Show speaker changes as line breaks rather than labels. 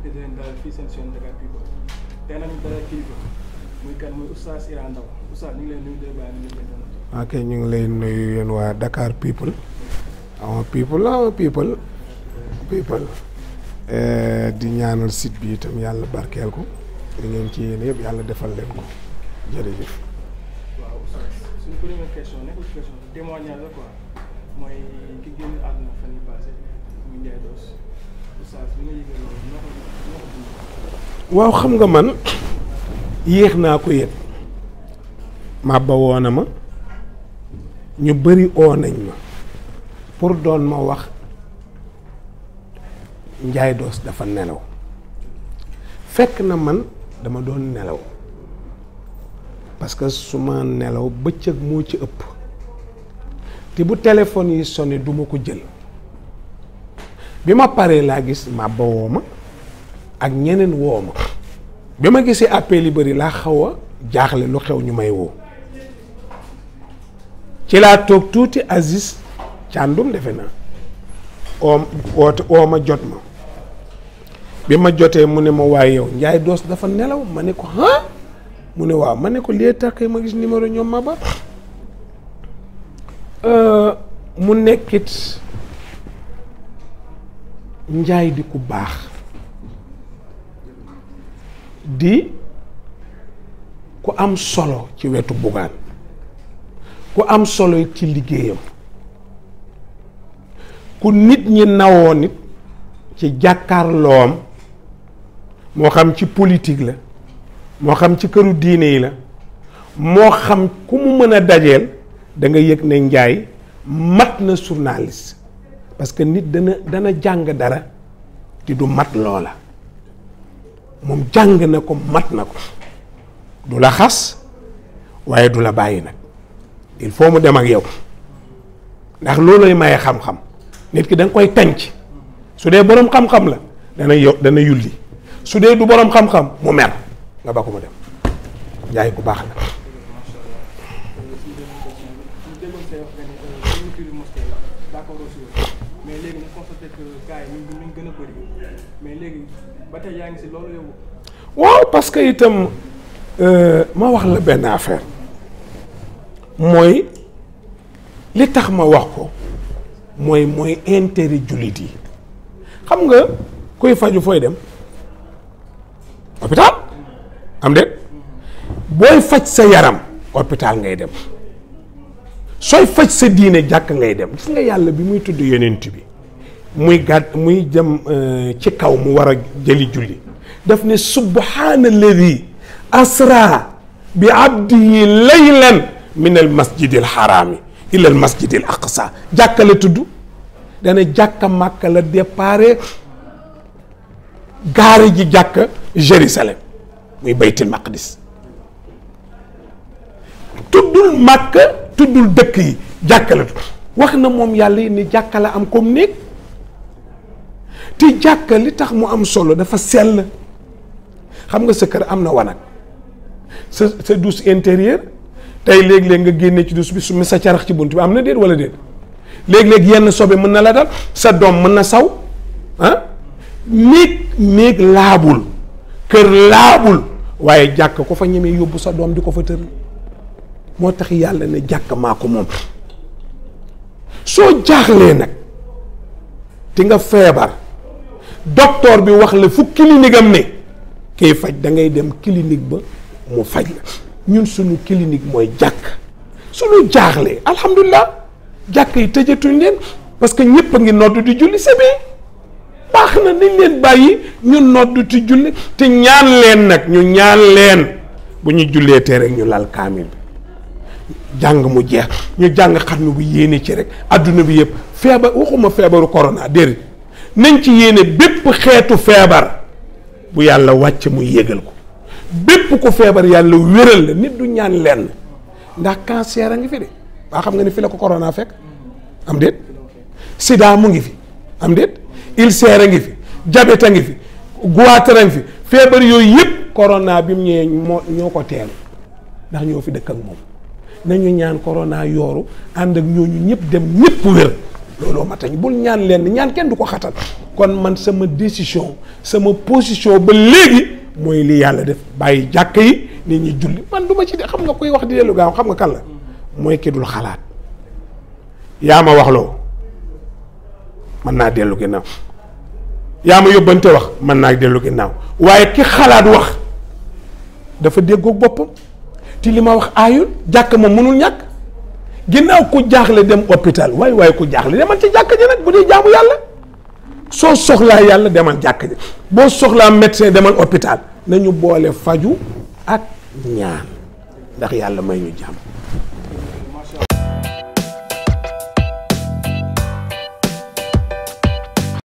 mbégte di leen dalal fii seen chaîne ñu ngi lay nuyu de waa dakaar People awa ah, people awa people eh, di ñaanal site bi itam yàlla barkeel ko li ngeen ci yéen yëpp yàlla defal leen ko jërëjëf. waaw Oustaz suñu première question nekkul question témoignage waaw xam nga man yéex naa ko yëg màbba woona ma ñu bëri oo ma pour doon ma wax njaay doos dafa nelaw fekk na man dama doon nelaw parce que su ma nelaw bëccëg moo ci ëpp te bu téléphone yi sonné duma ko jël bi ma paree laa gis Maba woo ma ak ñeneen woo ma bi ma gisee appel yi bari laa xaw jaaxle lu xew ñu may woo ci laa toog tuuti Aziz Càndum defe naa oom oo ma jot ma bi ma jotee mu ne ma waaye yow Njaay Doos dafa nelaw ma ne ko ah mu ne waaw ma ne ko liy tax ma gis numéro ñoom Maba euh, mu nekkit njaay di ku baax di ku am solo ci wetu bugaan ku am solo it ci liggéeyam ku nit ñi nawoo nit ci jàkkaarloom moo xam ci politik la moo xam ci këru diine yi la moo xam ku mu mën a dajeel da nga yëg ne njaay mat na journaliste parce que nit dana dana jàng dara te du mat loola moom jàng na ko mat na ko du la xas waaye du la bàyyi nag il faut mu dem ak yow ndax loolu maye xam-xam nit ki da koy tànc su dee boroom xam-xam la dana yow dana yulli su dee du boroom xam-xam mu mer nga ba ko mu dem jaay ku baax la. mais léegi ñu constaté que gars yi mais léegi ba tey ngi si loolu waaw parce que itam euh, ma wax la benn affaire mooy li tax ma wax ko mooy mooy intérêt jullit yi xam nga kuy faju fooy dem hôpital am de booy faj sa yaram hôpital ngay dem. sooy faj sa diine jàkk ngay dem gis nga yàlla bi muy tudd yonent bi muy gàtt muy jëm euh, ci kaw mu war a jëli julli daf ne subhaana alladi asra bi abdihi laylan min al masjid al xaraami ila al masjid al aqsa jàkka la tudd dana jàkka màkka la dépare gaare ji jàkk Jérusalem muy baytil maqdis tuddul màkka tuddul dëkk yi jàkka la wax na moom yàlla yi ni jàkka am comme néeg ti jàkka li tax mu am solo dafa sell xam nga sa kër am na wanag sa sa douche intérieure tey léeg-léeg nga génne ci douche bi su mi sa carax ci bunt bi am na déet walla déet léeg-léeg yenn sobe mën na la dal sa doom mën na saw ah néeg néeg laabul kër laabul waaye jàkk ko fa ñemee yóbbu sa doom di ko fa tër moo tax yàlla ne jàkk maa ko moom soo jaaxlee nag ti nga feebar docteur bi wax la fu clinique ne kiy faj dangay dem clinique ba mu faj la ñun suñu clinique mooy jàkk suñu jaaxlee alhamdulilah jàkk yi tëjatuñ leen parce que ñëpp a ngi noddu di julli c'est bien baax na nañ leen bàyyi ñu noddu di julli te ñaan leen nag ñu ñaan leen bu ñu jullee te rek ñu lal kaamil jàng mu jeex ñu jàng xarnu bi yéene ci rek adduna bi yëpp feebar waxuma feebaru corona déedéet nañ ci yéene bépp xeetu feebar bu yàlla wàcc mu yégal ko bépp ko feebar yàlla wéral la nit du ñaan lenn ndax cancer a ngi fi de waa xam nga ni fi la ko corona fekk am déet sida mu ngi fi am déet ulcère a ngi fi diabète a ngi fi goitre a ngi fi feebar yooyu yëpp corona bi mu ñëwee moo ñoo ko teel ndax ñoo fi dëkk ak moom nañu ñaan corona yooru ànd ak ñooñu ñëpp dem ñëpp wér looloo ma tax bul ñaan leen ñaan kenn du ko xatal kon man sama décision sama position ba léegi mooy li yàlla def bàyyi jàkk yi nit ñi julli man du ma ci xam nga koy wax di dellu gaaw xam nga kan la mooy ki dul xalaat yaa ma wax loo mën naa dellu ginnaaw yaa ma yóbbante wax mën naa dellu ginnaaw waaye ki xalaat wax dafa déggoog bopp ti li ma wax aayul jàkk moom mënul ñàkk ginnaaw ku jaaxle dem hôpital waaye waaye ku jaaxle demal ci jàkk ji nag bu dee jaamu yàlla soo soxlaa yàlla demal jàkk ji boo soxlaa médecin demal hôpital nañu boole faju ak ñaan ndax yàlla may ñu jàmm